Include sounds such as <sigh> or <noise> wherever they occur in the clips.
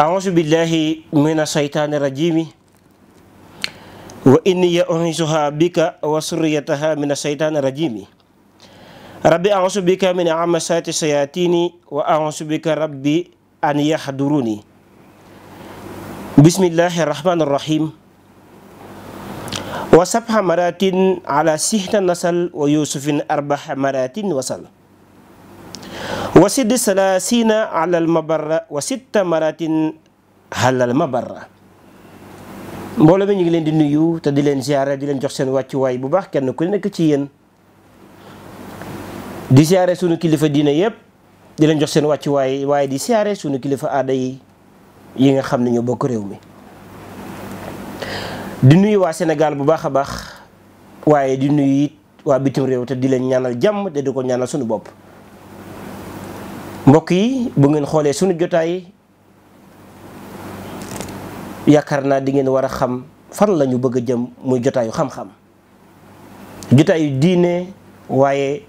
أعوذ بالله من الشيطان الرجيم وإني أعيذها بك وسريتها من الشيطان الرجيم ربي أعوذ بك من عمسات الشياطين وأعوذ بك ربي أن يحضروني بسم الله الرحمن الرحيم وسبح مرات على سحن نسل ويوسف أربع مرات وصل wa sidd salaasina alal mabarra wa sitta maratin halal mabarra mboole mi ñu ngi leen di nuyu te di leen ziare di leen jox seen wàccuwaay bu baax kenn ku nekk ci yéen di ziare sunu kilifa diine yëpp di leen jox seen wàccuwaay waaye di ziare sunu kilifa aada yi yi nga xam ne ñoo bokk réew mi di nuyu waa senegal bu baax a baax waaye di nuyu it waa bitim réew te di leen ñaanal jàmm te di ko ñaanal sunu bopp mbokk yi bu ngeen xoolee suñu jotaay yaakaar naa di ngeen war a xam fan la ñu bëgg a jëm muy jotaayu xam-xam jotaayu diine waaye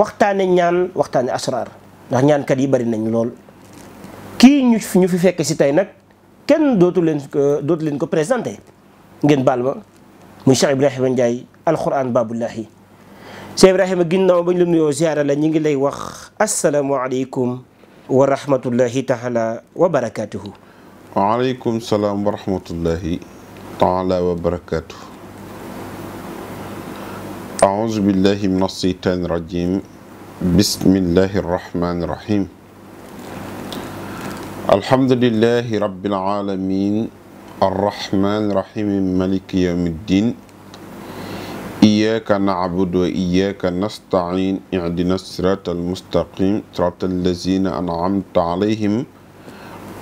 waxtaane ñaan waxtaane asraar ndax ñaankat yi bari nañ lool kii ñu ñu fi fekk si tey nag kenn dootu leen dootu leen ko présenté ngeen baal ma muy Cheikh Ibrahima Ndiaye alquran babullahi Cheikh Ibrahima ginnaaw ba ñu la la ñu ngi lay wax asalaamualeykum wa rahmatullahi taala wa barakaatuhu. waaleykum salaam taala wa barakaatuhu. أعوذ بالله من الشيطان الرجيم بسم iyyaka na'budu wa iyyaka nasta'in ihdina siratal mustaqim siratal lazina an'amta alayhim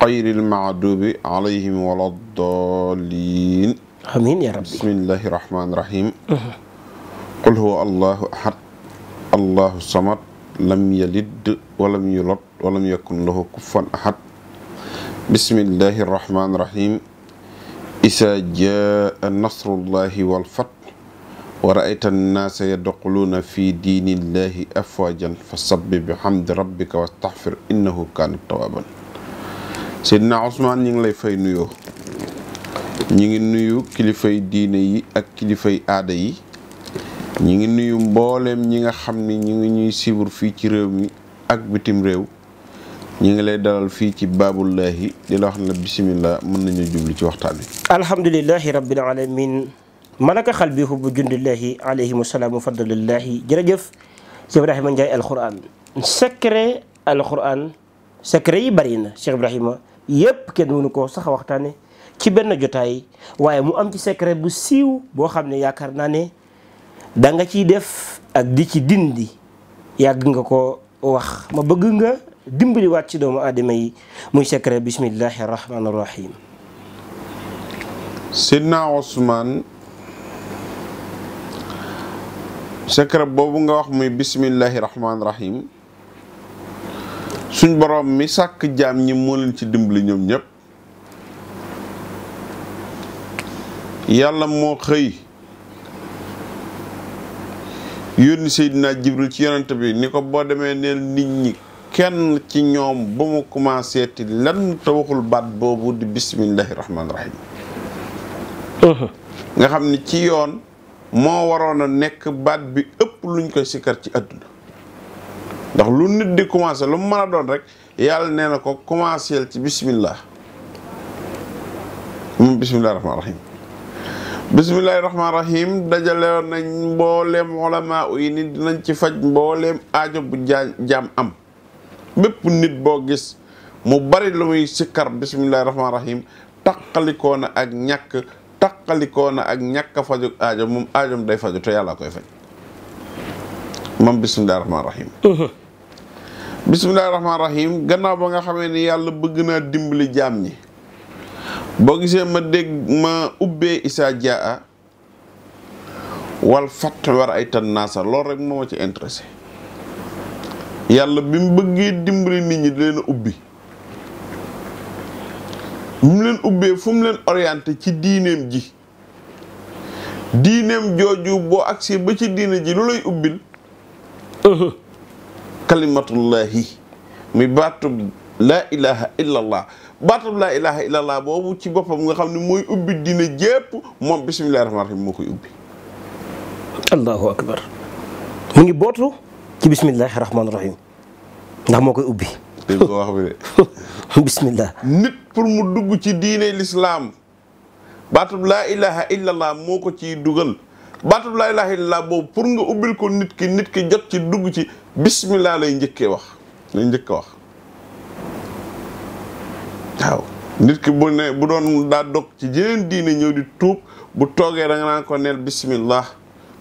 ghayril maghdubi alayhim waladdallin amiin yaa rabbi bismillaahi rahmaani rahiim qul huwa allaahu ahad allaahu samad lam yalid walam yulad walam yakun lahu kufuwan ahad bismillaahi rahmaani rahiim izaa jaa'a nasrullaahi wal fath wa raayta annaasa yadxuluuna fi diinillahi afwaajan fa sabbi bi xamdi rabbika wastaxfir innahu kaana tawaaban Seydina Ousmane ñi ngi lay fay nuyoo ñi ngi nuyu kilifay diine yi ak kilifay aada yi ñi ngi nuyu mbooleem ñi nga xam ni ñi ngi ñuy sibur fii ci réew mi ak bitim réew ñi ngi lay dalal fii ci baabullaahi di la wax ne bisimilah mën nañu jublu ci waxtaan wi malaka xal bi hubbu jundillahi alayhimu salaamu fadlillahi jërëjëf Cheikh Ibrahima Ndiaye alquran secret alquran secret yi bari na Cheikh Ibrahima yëpp kenn mënu koo sax waxtaane ci benn jotaay waaye mu am ci secret bu siiw boo xam ne yaakaar naa ne da nga ciy def ak di ci dindi yàgg nga ko wax ma bëgg nga dimbaliwaat ci doomu aadama yi muy secret bismillahi rahmaani rahim. Sidna Ousmane. secret boobu nga wax muy bismillahi rahmaani rahim suñ boroom mi sàkk jaam ñi moo leen ci dimbali ñoom ñépp yàlla moo xëy yónni Seydina Jibril ci yonent bi ni ko boo demee neel nit ñi kenn ci ñoom ba mu commencé ti lan te waxul baat boobu di bismillahi rahmaani rahim uh-huh. nga xam ni ci yoon moo waroon a nekk baat bi ëpp luñ koy sikkar ci àdduna ndax lu nit di commencé lu mu mën a doon rek yàlla nee na ko commenceel ci bismillah moom bismillahi rahmaani rahim bismillahi rahmaani rahim dajalewoon nañ mbooleem olamaa yi ni dinañ ci faj mbooleem aajo bu jaa jaam am bépp nit boo gis mu bari lu muy sikkar bismillahi rahmaani rahim taqalikoona ak ñàkk taqalikoo ak ñàkk a faju aajo moom aajom day faju te yàlla koy faj moom bisimilahi rahmaani rahim mhm. bisimilahi rahmaani rahim gannaaw ba nga xamee ni yàlla bëgg naa dimbali jaam ñi boo gisee ma dégg ma ubbee isaa jaa wal fatt war ay tan naasa loolu rek moo ma ci intéressé yàlla bi mu bëggee dimbali nit ñi di leen ubbi mu leen ubbee fu mu leen orienté ci diineem ji diineem jooju boo agsee ba ci diine ji lu lay ubbil kalimatullahi mi baatub laa ilaha illa boobu ci boppam nga xam ne mooy ubbi dina jépp moom bisimillahi rahmaani rahim moo koy ubbi allahu akbar bootu ci bisimillahi rahmaani rahim ubbi <laughs> <laughs> bismillah nit pour mu dugg ci diine lislaam baatub laa ilaha illallah moo ko ciy dugal baatub laa ilaha illallah boobu pour nga ubbil ko nit ki nit ki jot ci dugg ci bismillah lay njëkkee wax lay njëkk a wax waaw nit ki bu ne bu doon daa dog ci jeneen diine ñëw di tuub bu toogee da nga naan ko neel bismillah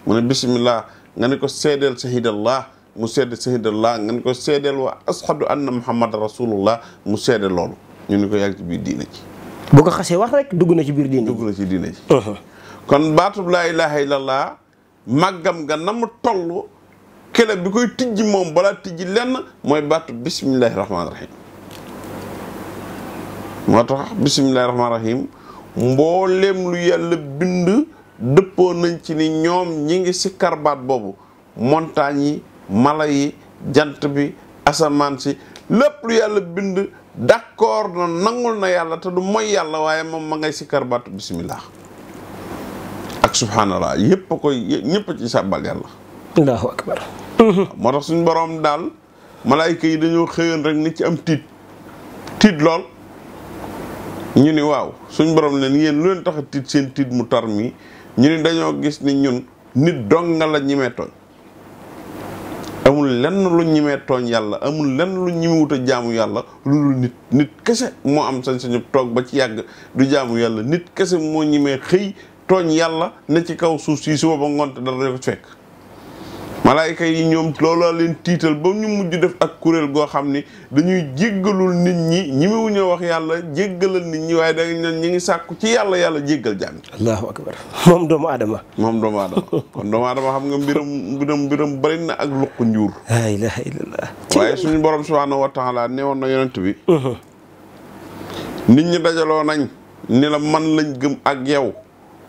mu ne bismillah nga ne ko seedeel sahidallah mu seede sahidallah ngeen ko seedeel wa ashadu anna muhammad rasulullah mu seede loolu ñu ni ko yàgg ci biir diine ji bu ko xasee wax rek dugg na ci biir diine dugg na ci uh-huh. kon baatub laa ilaha illallah màggam nga na mu toll kele bi koy tijji moom balaa tijji lenn mooy baatu bismillahi rahmaani rahim moo tax bismillahi rahmaani rahim mbooleem lu yàlla bind dëppoo nañ ci ni ñoom ñi ngi si karbaat boobu montagne mala yi jant bi asamaan si lépp lu yàlla bind d'accord na nangul na yàlla te du mooy yàlla waaye moom ma ngay sikkar baatu bismillah ak subhanallah yépp a koy ñëpp ci sàbbal yàlla <laughs> moo tax suñ boroom daal malaayka yi dañoo xëyoon rek ni ci am tiit tiit lool ñu ni waaw suñ borom leen yéen lu leen tax tiit seen tiit mu tar mi ñu ni dañoo gis ni ñun nit dong nga la tooñ amul lenn lu ñimee tooñ yàlla amul lenn lu ñimee jaamu yàlla loolu nit nit kese moo am sañ-sañu toog ba ci yàgg du jaamu yàlla nit kese moo ñimee xëy tooñ yàlla ne ci kaw suuf si suba ba ngoonte dara ko fekk malaayka yi ñoom looloo leen tiital ba ñu mujj def ak kuréel goo xam ni dañuy jéggalul nit ñi ñi mu ñoo wax yàlla jéggalal nit ñi waaye danga naan ñi ngi sàkku ci yàlla yàlla jéggal jàmm. allahu akbar moom doomu aadama moom doomu aadama kon doomu aadama xam nga mbiram mbiram mbiram bari na ak luq njuur waaye suñu borom subhaanahu wa taala ne woon na yonent bi uh-huh. nit ñi dajaloo nañ ni la man lañ gëm ak yow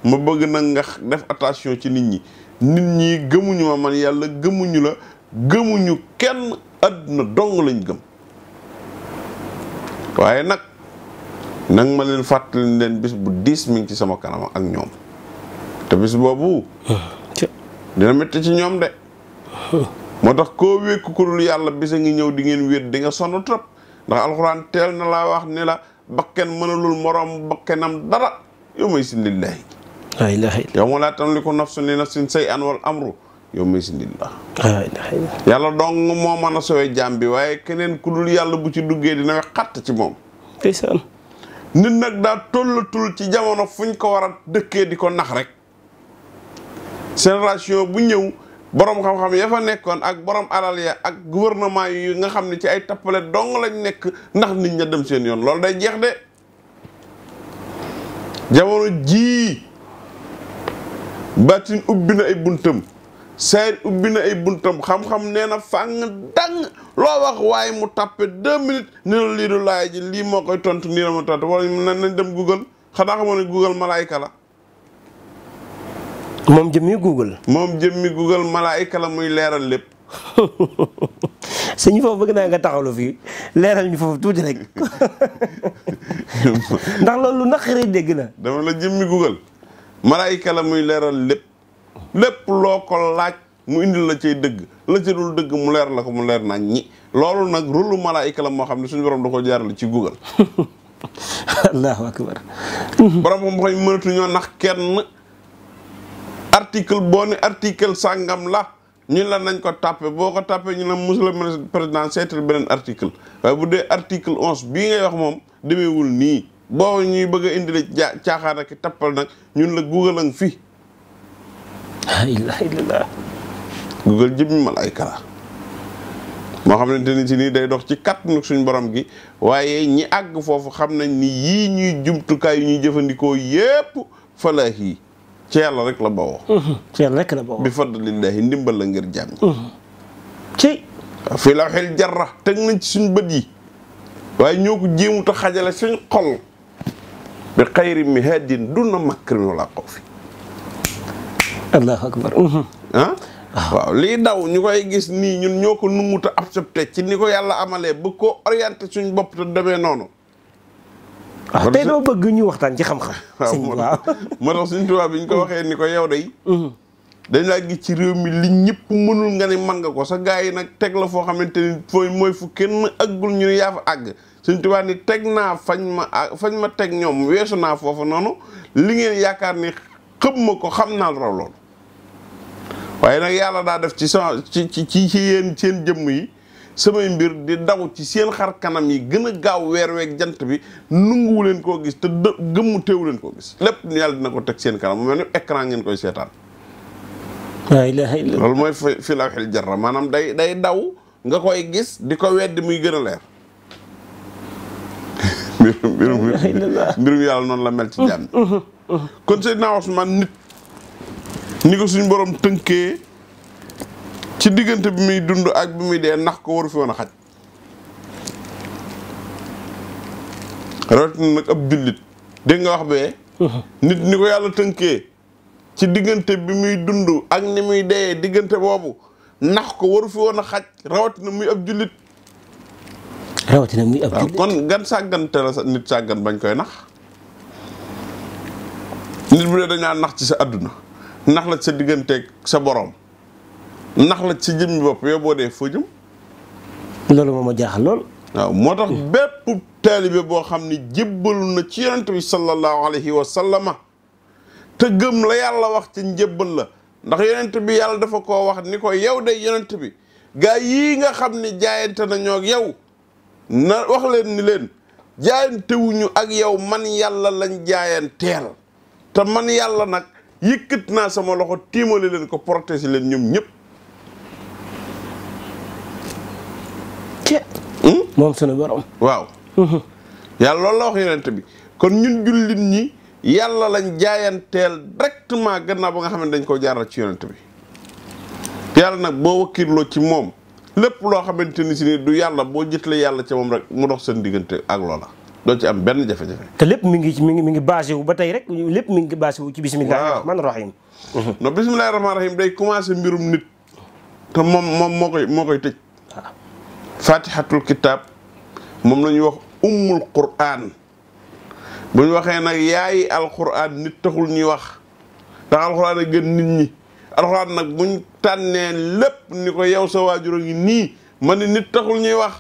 ma bëgg nag nga def attention ci nit ñi nit ñi gëmuñu ma man yàlla gëmuñu la gëmuñu kenn àdduna dong lañ gëm waaye nag nang ma leen fàttali leen bis bu diis mi ci sama kanam ak ñoom te bis boobu dina métti ci ñoom de moo tax koo wékku ku dul yàlla bis a ngi ñëw di ngeen wéet di nga sonn trop ndax alxuraan teel na laa wax ni la bakken mënalul moroom bakkenam dara yow may si laa ilaaha illallaah yow ma laa tamliku nafsun li nafsin say an wal amru yow ma si nit la yàlla dong moo mën a sowee jaam bi waaye keneen ku dul yàlla bu ci duggee dina we xatt ci moom ndeysaan nit nag daa tollatul ci jamono fuñ ko war a dëkkee di ko nax rek génération bu ñëw borom xam-xam ya fa nekkoon ak borom alal ya ak gouvernement yi nga xam ne ci ay tappale dong lañ nekk ndax nit ña dem seen yoon loolu day jeex de jamono jii baatin ubbi na ay buntam saayir ubbi na ay buntam xam-xam nee na fàng dang loo wax waaye mu tàppe da minutes ne la lii du laay ji lii moo koy tontu nii la ma tontu wala nañ dem Google xanaa xamoo ne Google malaayka la. moom jëmmi Google. moom jëmmi Google malaayka la muy leeral lépp. suñu <laughs> foofu bëgg naa nga taxawlu fii leeral ñu foofu tuuti rek <laughs> <laughs> ndax loolu naqaree dégg na. dama la jëmmi Google. malaayika la muy leeral lépp lépp loo ko laaj mu indi la cee dëgg la ca dul dëgg mu leer la ko mu leer nañ ñi loolu nag rôlu malaayika la moo xam ne suñu borom da ko jaarale ci Google <laughs> allahu akbar <laughs> borom xam-xam mënatuñoo nax kenn article boo ne article sàngam la ñu la nañ ko tàppe boo ko tàppe ñu ne monsieur le président seetal beneen article waaye bu dee article onze bii ngay wax moom demeewul nii boo ñuy bëgg a indi la tappal nag ñun la google ang fii la ilaha illallah malayka la moo xamante ni si nii day dox ci kàttanu suñ borom gi waaye ñi àgg foofu xam nañ ni yii ñuy jumtukaay yu ñuy jëfandikoo yépp falaax yi ci rek la bawoo mhm, ci yàlla rek la bawoo bi fadlillahi ndimbal la ngir jàmm mhm. ci fi lawhil jarra teg nañ ci suñ bët yi waaye ñoo ko jéemut xajale suñ xol bi xayri mi haadin duna makrim wala xawfi allahu akbar mhm. ah? ah waaw lii daw ñu koy gis nii ñun ñoo ko nunguta accepté ci ni ko yàlla amalee bu ko orienté suñ bopp te demee noonu waaw ah, tey doo bëgg ñu waxtaan ci xam-xam <laughs> waaw moo tax suñ tubaab bi ñu ko mm. waxee ni ko yow day mm-hmm. dañ laa gis ci réew mi li ñëpp mënul nga ne man nga ko sa gars yi nag teg la foo xamante ni fooy mooy fu kenn aggul ñu ne yaa fa àgg Sëñ Tuubaa ni teg naa fañ ma ah, fañ ma teg ñoom weesu naa foofu noonu li ngeen yaakaar ni xëm ma ko xam naa raw loolu waaye nag yàlla daa def ci sa ci ci ci yéen seen jëmm yi samay mbir di daw ci seen xar kanam yi gën a gaaw weer week jant bi nunguwu leen koo gis te dë gëmmu teewu leen koo gis lépp yàlla dina ko teg seen kanam mu mel ni écran ngeen koy seetaan. laa ilaaha loolu mooy fi lawhil jarra maanaam day day daw nga koy gis di ko weddi muy gën a leer. mbirum <laughs> mbirum yàlla noonu la mel ci jàmm. kon Seydina Ousmane nit ni ko suñu borom tënkee ci diggante bi muy dund ak bi muy dee ndax ko waru fi woon a xaj. rawatina nag muy dee diggante boobu ndax ko waru fi woon a xaj rawatina muy ab jullit. rawatina muy ab jullit kon gan sàggante la nit sàggan bañ koy nax nit bu dee dañaa nax ci sa adduna nax la sa digganteek sa boroom nax la ci jëmmi bopp yow boo dee foo loolu moom a jaaxal lool waaw moo tax bépp taalibe boo xam ne jébbalu na ci yonent bi sallallahu alayhi wa sallama te gëm la yàlla wax ci njébbal la ndax yenent bi yàlla dafa ko wax ni ko yow day yonent bi gaa yii nga xam ne jaayante na ñoog yow na wax leen ni leen jaayantewuñu ak yow man yàlla lañ jaayanteel te man yàlla nag yëkkat naa sama loxo tiimale leen ko protéger leen ñoom ñëpp. Hmm? moom sunu borom. waaw. Mm-hmm. yàlla loolu la wax yonent bi kon ñun jullit ñi yàlla lañ jaayanteel directement gannaaw ba nga xam ne dañ koo jaaral ci yonent bi yàlla nag boo wakkirloo ci moom. lépp loo xamante ni si ni du yàlla boo jëtlee yàlla ce moom rek mu dox seen diggante ak loola doo ci am benn jafe-jafe. te lépp mu ngi mi ngi mi ngi basé wu ba tey rek lépp mi ngi basé wu ci bismillahi rahmaani rahim. <laughs> non bismillahi rahmaani rahim day commencé mbirum nit te moom moom moo koy moo koy tëj. fatihatul kitab moom la ñuy wax ummul qur'an bu ñu waxee nag yaayi alqur'an nit taxul ñuy wax ndax alqur'an a gën nit ñi. alxuraan nag buñ tànnee lépp ni ko yow sa waajur a ngi nii ma ni nit taxul ñuy wax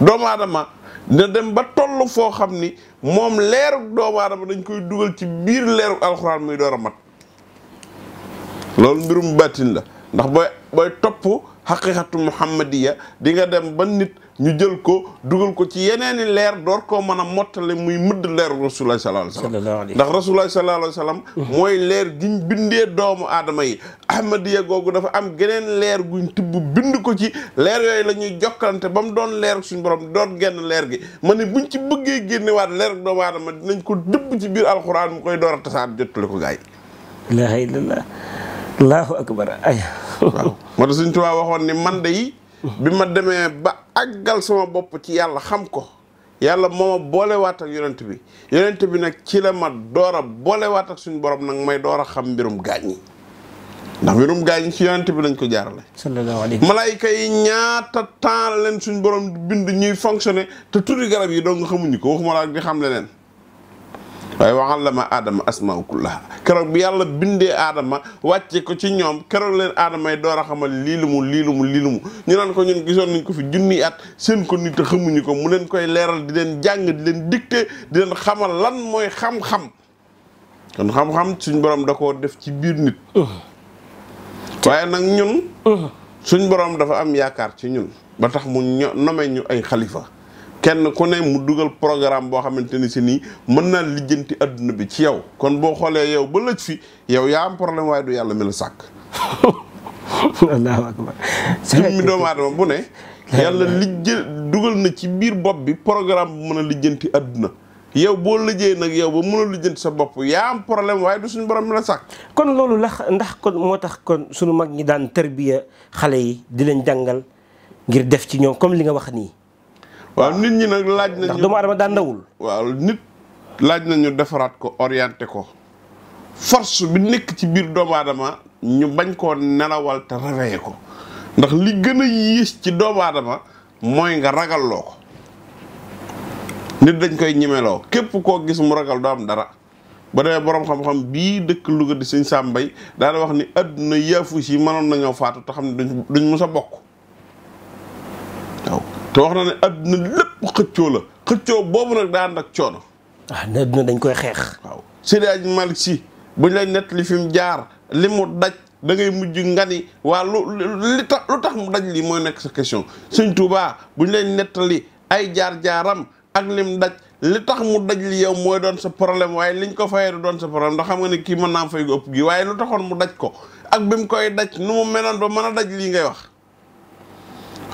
doomu aadama dina dem ba toll foo xam ni moom leerug doomu aadama dañ koy dugal ci biir leerug alxuraan muy door a mat loolu mbirum bàttin la ndax booy topp xaqiqatu muhammadiya di nga dem ba nit ñu jël ko dugal ko ci yeneeni leer door koo mën a mottale muy mëdd leeru rasulullah sallallahu alayhi wasallam ndax rasulullah sallallahu alayhi wasallam mm-hmm. mooy leer giñ bindee doomu aadama yi ahmadiya googu dafa am geneen leer guñ tibb bind ko ci leer yooyu la ñuy jokkalante ba mu doon leer suñu borom doon genn leer gi ma ne buñ ci bëggee génnewaat leer doomu aadama dinañ ko dëbb ci biir alxuraan mu koy door a tasaat gaay allahu akbar ay waaw moo tax suñ tubaab waxoon ni man de yi bi ma demee ba àggal sama bopp ci yàlla xam ko yàlla moo ma boolewaat ak yonent bi yonent bi nag ci la ma door a boolewaat ak suñu borom nag may door a xam mbirum gaañ yi ndax mbirum gaañ yi ci yonent bi lañ ko jaarale sallallahu alayhi malaayka yi ñaata temps leen suñu borom bind ñuy fonctionné te turi garab yi doo nga xamuñu ko waxuma la ak di xam leneen waaye waxal la ma aadama asmaa kullaha keroog bi yàlla bindee aadama wàcce ko ci ñoom keroog leen aadama yi door a xamal lii lu mu lii lu mu ñu naan ko ñun gisoon nañ ko fi junni at seen ko nit xamuñu ko mu leen koy leeral di leen jàng di leen dicté di leen xamal lan mooy xam-xam kon xam-xam suñ borom da koo def ci biir nit waaye nag ñun borom dafa am yaakaar ci ñun ba tax mu ño nome ñu ay xalifa kenn ku ne mu dugal programme boo xamante ni si nii mën naa lijjanti àdduna bi ci yow kon boo xoolee yow ba lëj fi yow yaa am problème waaye du yàlla mi la sàkk <laughs> bu ne yàlla lijjë dugal na ci biir bopp bi programme bu mën a lijjanti adduna yow boo liggéey nag yow ba mënul lijjanti sa bopp yaa problème waaye du suñu borom mi la sàkk kon loolu lax ndax kon moo tax kon suñu mag ñi daan tërbiya xale yi di leen jàngal ngir def ci ñoom comme li nga wax nii waaw nit ñi nag laaj nañu ndax doomu aadama daan waaw nit laaj nañu defaraat ko orienté ko force bi nekk ci biir doomu aadama ñu bañ koo nelawal te réveillé ko ndax li gën a yées ci doomu aadama mooy nga ragalloo ko nit dañ koy ñemeloo képp koo gis mu ragal doom dara. ba dee boroom xam-xam bii dëkk Louga di sëñ Sàmbay daana wax ni àdduna yaafus yi mënoon nañoo faatu te xam ne duñ duñ mës a bokk te wax na ne adduna lépp xëccoo la xëccoo boobu nag daan nag coono. ah ne adduna dañ koy xeex. waaw Seydi Hadji Malick Sy buñ lay nettali fi mu jaar li mu daj da ngay mujj nga ni waa lu li tax lu tax mu daj lii mooy nekk sa question Sëñ Tuubaa buñ lay nettali ay jaar-jaaram ak lim daj. li tax mu daj li yow mooy doon sa problème waaye liñ ko fayee du doon sa problème ndax xam nga ne kii mën naa fay gu ëpp gi waaye lu taxoon mu daj ko ak bi mu koy daj nu mu meloon ba mën a daj lii ngay wax.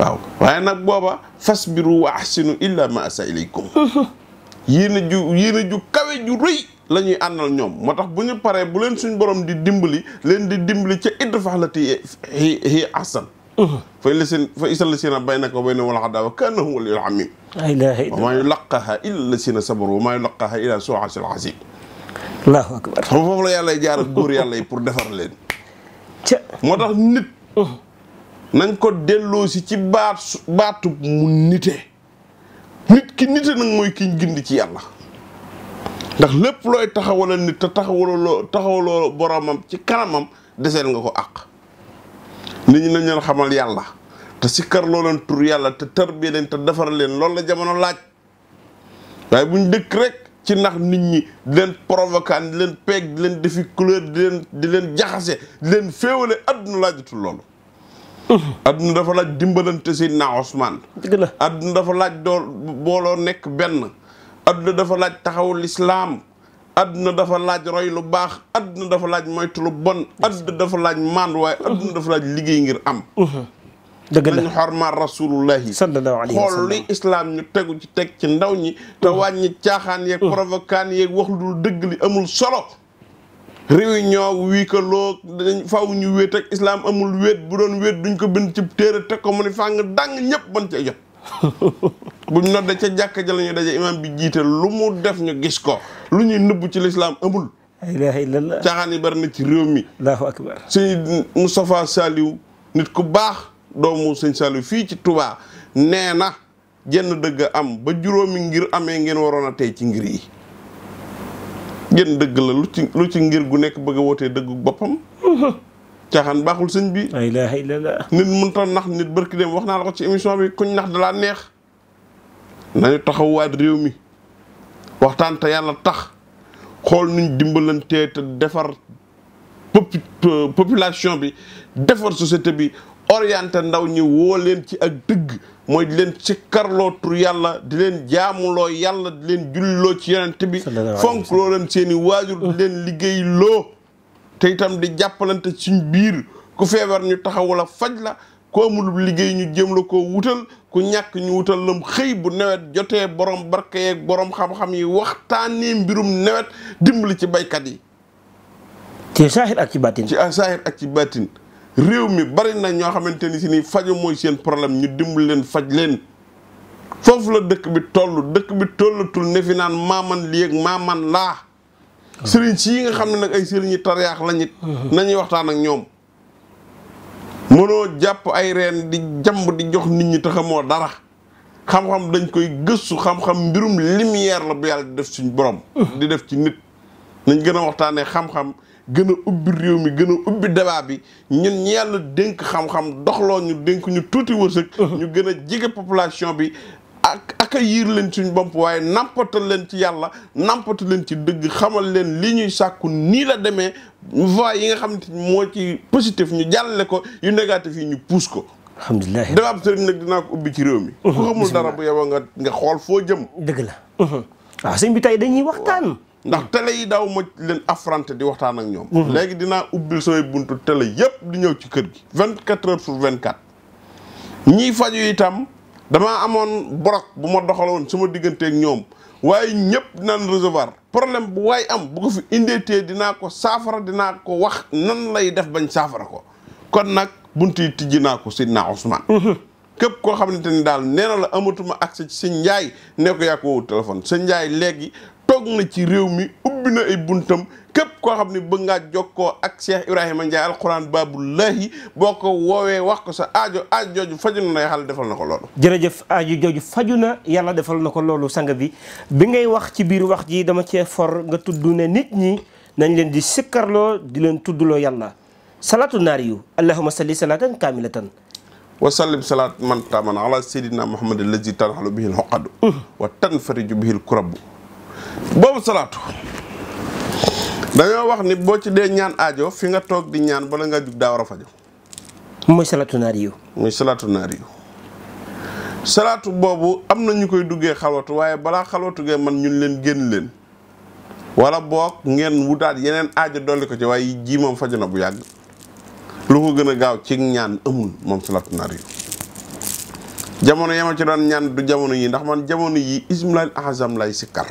waaw waaye nag booba fasbiru wa ahsinu illa ma asa ilaykum yéen a ju yéen a ju kawe ju rëy la ñuy ñoom moo tax bu ñu pare bu leen suñ borom di dimbali leen di dimbali ca idfax la ti hi hi ahsan fa la la seen a bay na ko bay na wala xadaawa kaana huwa aliyul amin wa maa yulaqaaha illa la seen a sabaru wa maa yulaqaaha illa suu asil asib allahu akbar xam foofu la yàlla jaar ak yàlla yi pour defar leen moo tax nit uh-huh. nañ ko delloo si ci baat baatu mu nite nit ki nite nag mooy kiñ gindi ci yàlla ndax lépp looy taxawalal nit te taxawaloo taxawaloo boromam ci kanamam deseel nga ko àq nit ñi nañ leen xamal yàlla te sikkar loo leen tur yàlla te tarbiya leen te defar leen loolu la jamono laaj waaye buñ dëkk rek ci nax nit ñi di leen provoquer di leen peeg di leen defi couleur di leen di leen jaxase di leen féewale àdduna laajatul loolu adduna dafa laaj dimbalante Seydina Ousmane. dëgg la adduna dafa laaj doo booloo nekk benn. adduna dafa laaj taxawu lislaam adduna dafa laaj roy lu baax adduna dafa laaj moytu lu bon adduna dafa laaj maandu waaye adduna dafa laaj liggéey ngir am. dëgg la nañu xormaal rasulullahi sallallahu alayhi wa sallam xool li islam ñu tegu ci teg ci ndaw ñi. te wàññi caaxaan yeeg. Mm-hmm. provocaan yeeg wax lu dul dëgg li amul solo. réunion wii ko loo dañ faw ñu wéet ak amul wéet bu doon wéet duñ ko bind ci téere teg ko mu ni fàng dàng ñëpp mën cee jot <laughs> buñ nodde ca jàkka ja la ñu daje imaam bi jiite lu mu def ñu gis ko lu ñuy nëbb ci lislaam amul ilaaha illallaah caaxaan ci réew mi allahu akbar sëñ Moustapha Saliou nit ku baax doomu sëñ Saliou fii ci Touba nee na jenn dëgg am ba juróomi ngir amee ngeen waroon a tey ci ngir yi gën dëgg la lu ci ci ngir gu nekk bëgg a wootee dëggu boppam. caaxaan baaxul sëñ bi. la ilaha nit mun ta nax nit barki dem wax naa la ko ci émission bi kuñ nax dalaa neex. nañu taxawaat réew mi waxtaan te yàlla tax xool nuñ dimbalantee teeta defar population bi defar société bi orienté ndaw ñi woo leen ci ak dëgg mooy di leen sikkarloo tur yàlla di leen jaamuloo yàlla di leen julliloo ci yonent bi fonk loo leen seen waajur di leen liggéey loo te itam di jàppalante suñ biir ku feebar ñu taxawu la faj la ku liggéey ñu jëm la koo wutal ku ñàkk ñu wutal lam xëy bu nawet jotee boroom barke yeeg borom xam-xam yi waxtaanee mbirum newet dimbali ci baykat yi. ci saahir ak ci baatin. ci saahir ak ci réew mi bari na ñoo xamante ni si nii faju mooy seen problème ñu dimbali leen faj leen foofu la dëkk bi toll dëkk bi tollatul ne fi naan maaman lii ak maaman laa sëriñ si yi nga xam ne nag ay sëriñ yi tariyaax lañu nañuy waxtaan ak ñoom mënoo jàpp ay reen di jamb di jox nit ñi te xamoo dara xam-xam dañ koy gëstu xam-xam mbirum lumière la bu yàlla di def suñu borom di def ci nit nañ gën a waxtaanee xam-xam gën a ubbi réew mi gën a ubbi débat bi ñun ñi yàlla dénk xam-xam doxloo ñu dénk ñu tuuti wërsëg. Uh-huh. ñu gën a jege population bi. ak yiir leen suñ bomp waaye nampatal leen ci yàlla nampatal leen ci dëgg xamal leen li ñuy sàkku nii la demee voie yi nga xamante ni moo ci positif ñu jàllale ko yu négatif yi ñu puus ko. alhamdulilah débat bi sëriñ nag dinaa ko ci réew mi. Uh-huh. ku dara bu yeboo nga nga xool foo jëm. dëgg la. waaw uh-huh. ah, sëñ bi tey dañuy waxtaan. ndax télé yi daaw ma leen affronté di waxtaan ak ñoom. Mhm. léegi dinaa ubbil samay buntu télé yëpp di ñëw ci kër gi. vingt quatre heures vingt quatre ñii faju itam dama amoon borok bu ma doxaloon sama digganteeg ñoom waaye ñëpp naan recevoir problème bu waaye am bu ko fi indeetee dinaa ko saafara dinaa ko wax nan lay def bañ saafara ko kon nag bunt yi tijji naa ko Seydina Ousmane. Mhm. képp koo xamante ni daal nee la amatuma accès ci sëñ Ndiaye ne ko yaa ko woo téléphone sëñ Ndiaye léegi toog na ci réew mi ubbi na ay buntam képp koo xam ne bëgg ngaa jokkoo ak Cheikh Ibrahima Ndiaye alquran baabulaahi boo ko woowee wax ko sa aajo aajo jooju faju na yàlla defal na ko loolu jërëjëf aajo jooju faju na yàlla defal na ko loolu sang bi bi ngay wax ci biir wax ji dama cee for nga tudd ne nit ñi nañ leen di sikkarloo di leen tuddloo yàlla salaatu naari yu allahuma salli salaatan kaamilatan wa sallim salaat man taaman ala sayyidina muhammad allazi tanhalu bihi alxoqadu wa tanfariju bihi alkurabu boobu salaatu dañoo wax ni boo ci dee ñaan aajo fi nga toog di ñaan bala ngaa jug daa war a faju muy salaatu naariyu muy salaatu naariyu boobu am na ñu koy duggee xalwatu waaye balaa xalwatu gee man ñun leen génn leen wala boog ngeen wutaat yeneen aajo dolli ko ci waaye ji moom fajo na bu yàgg lu ko gën a gaaw ci ñaan amul moom salaatu naariyu jamono yama ci doon ñaan du jamono yi ndax man jamono yi ismilal ahazam lay sikkar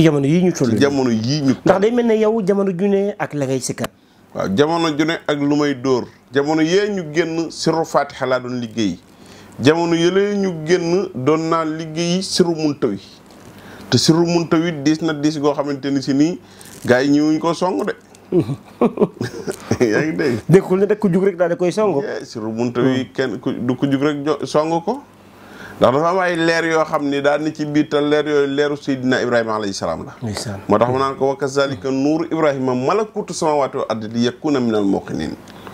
ci jamono yii ñu toll. jamono yii ñu ndax day mel ne yow jamono ju ne ak la ngay sikkat waaw jamono ju ak lu may dóor jamono yee ñu génn siru Faatiha laa doon liggéey jamono yële ñu génn doon naa liggéey siru Muntawi te siru Muntawi diis na diis goo xamante ni si nii gars yi ñëwuñ ko song de. <laughs> yaa ngi dégg. dëkkul ne rek ku jug rek daal di koy song. Eh, siru Muntawi kenn du ku jug rek song ko. ndax dafa am ay leer yoo xam ni daal ni ci biir te leer yooyu leeru Seydina Ibrahima alayhi salaam la moo tax mu naan ko wa kazalika nuuru Ibrahima malakutu samawati wal ardi li yakuna minal muqinin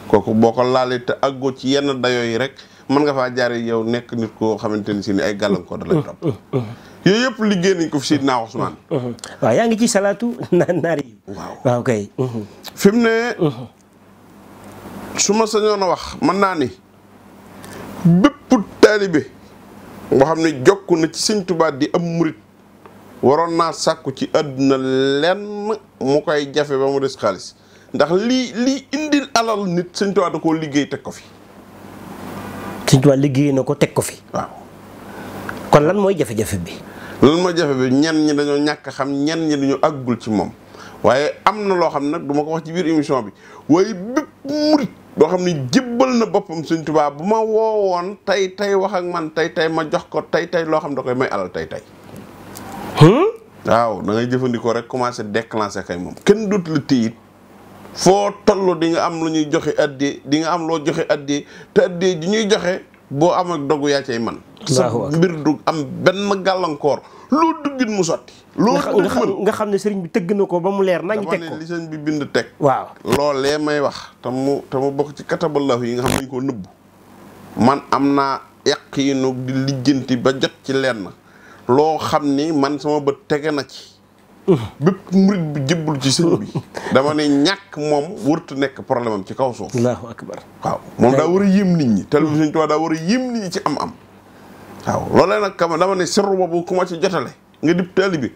kooku boo ko laalee te ci yenn dayoo yi rek mën nga faa jaare yow nekk nit koo xamante ni si ay gàllankoor da lay topp mm, mm, mm. yëpp liggéey ko fi Seydina Ousmane waaw ngi ci salaatu <laughs> naar yi waaw waaw kay fi mu ne su ma sañoon a wax mën naa ni bépp taalibe nga xam ne jokk na ci sëñ Tuubaa di am murit waroon naa sàkku ci àdduna lenn mu koy jafe ba mu des xaalis ndax li li indil alal nit sëñ Tuubaa da koo liggéey teg ko fi. sëñ Tuubaa liggéey na ko teg ko fi. waaw kon lan mooy jafe-jafe bi. lan mooy jafe bi ñenn ñi dañoo ñàkk xam ñenn ñi dañoo àggul ci moom waaye am na loo xam nag du ma ko wax ci biir émission bi waaye bépp murit loo xam ne jébbal na boppam suñ tubaab bu ma woowoon tey tey wax ak man tey tey ma jox ko tey tey loo xam da koy may alal tey tey. waaw da ngay jëfandikoo rek commencé déclencher kay moom kenn dut la tiit foo toll di nga am lu ñuy joxe adde di nga am loo joxe adde te adde di ñuy joxe boo am ak dogu yaa cay man sa mbir du am benn gàllankoor. loo duggit mu sotti. loo duggit xam ne sëriñ bi tëgg na ko ba mu leer nañ teg ko dama ne li sëriñ bi bind teg. waaw loolee may wax. te mu te mu bokk ci kataballahu yi nga xam ne ko nëbbu. man am naa yaqiinu di lijjanti ba jët ci leen lenn loo xam ni man sama bët tege na ci. bépp murit bi jëbbul ci sëñ bi <laughs> dama ne ñàkk moom wërtu nekk problème ci kaw suuf waaw moom daa war a yëm nit ñi télévision ci daa war a yëm nit ñi ci am am waaw loolee nag kama dama ne sirru boobu ku ma ci jotale nga dib taali bi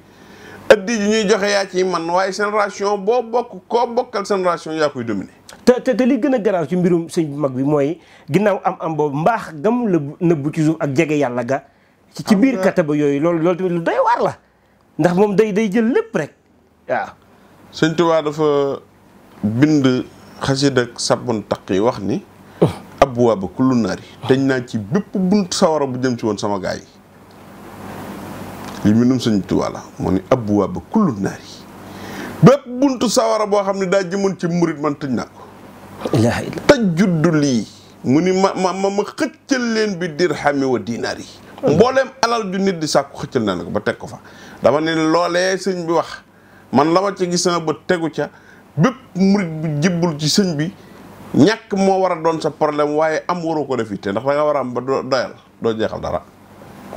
addi ji ñuy joxe yaa ci man waaye génération boo bokk koo bokkal génération yaa koy dominer te te te li gën a garaaw ci mbirum sëñ bu mag bi mooy ginnaaw am am boobu mbaax gam la nëbbu ci suuf ak jege yàlla ga ci biir ba yooyu loolu loolu tamit lu doy waar la ndax moom day day jël lépp rek waaw sëñ Tuubaa dafa bind xasid ak sabun taq yi wax ni abwaaba kullu naari dañ naa ci bépp bunt sawara bu jëm ci woon sama gaa yi li mbindum Sëñ Tuubaa la moo ni abwaaba kullu naari bépp bunt sawara boo xam ne daa jëmoon ci murit man tëj naa ko taj juddu lii mu ni ma ma ma xëccal leen bi di dirhami wa dinaar yi mbooleem alal ju nit di sàkku xëccal naa la ko ba teg ko fa dama ne loolee sëñ bi wax man la ma ci gis sama ba tegu ca bépp murit bu jibbul ci sëñ bi ñàkk moo war a doon sa problème waaye am waroo ko def ndax da nga war am ba doyal doo jeexal dara.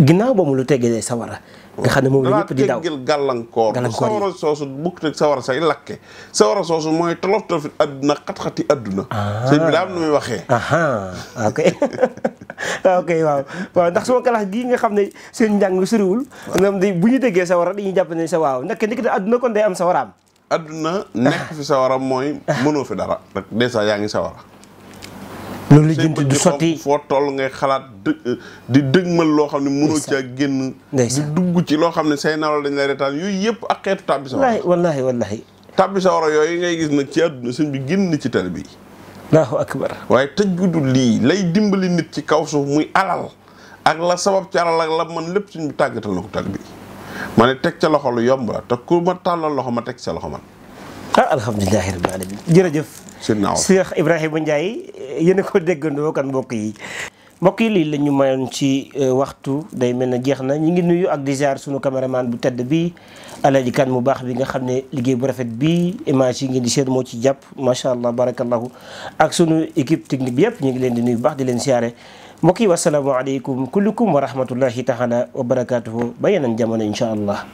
ginnaaw ba mu lu teggelee sawara. nga xam ne moom la ñëpp di daw teggil gàllankoor. gàllankoor soosu bukk sawara say lakke sawara soosu mooy tolof tolof adduna xat-xati adduna. Ah. sëñ bi daal nu muy waxee. ok <laughs> ok waaw waaw ndax suma kalaas gii nga xam ne seen njàng soriwul. waaw bu ñu déggee sawara dañuy jàpp ne sa waaw ndax nit ki adduna kon day am sawaraam. adduna nekk fi wara mooy mënoo fi dara rek dèjà yaa ngi sawara loolu la jënt du sotti foo toll ngay xalaat di dëgmal loo xam ne mënoo caa génn di dugg ci loo xam ne say nawal dañ la retaan yooyu yëpp ak xeetu tàbbi sawara wallahi wallahi tàbbi sawara yooyu ngay gis nag ci adduna sëñ bi génn ci tali bi allahu akbar waaye tëj gudu lii lay dimbali nit ci kaw suuf muy alal ak la sabab ci alal ak la man lépp suñ bi tàggatal na ko tali bi ma ne teg ca loxo lu yomb la te ku ma tàllal loxo ma teg ca loxo man. ah alhamdulilah rabbil alamin jërëjëf. sëñ Cheikh Ibrahima Ndiaye yéen a ko déggandoo kan mbokk yi. mbokk yi lii la ñu mayoon ci euh, waxtu day mel na jeex na ñu ngi nuyu ak di jaar sunu caméraman bu tedd bi Alaaji Kan mu baax bi nga xam ne liggéey bu rafet bi image yi ngeen di seen moo ci jàpp macha allah barakallahu ak sunu équipe technique bi yëpp ñu ngi leen di nuyu baax di leen siyaare. mbokk yi wasalaamaaleykum kullukum wa rahmatullahi taala wa barakaatuhu ba yeneen jamono incha allah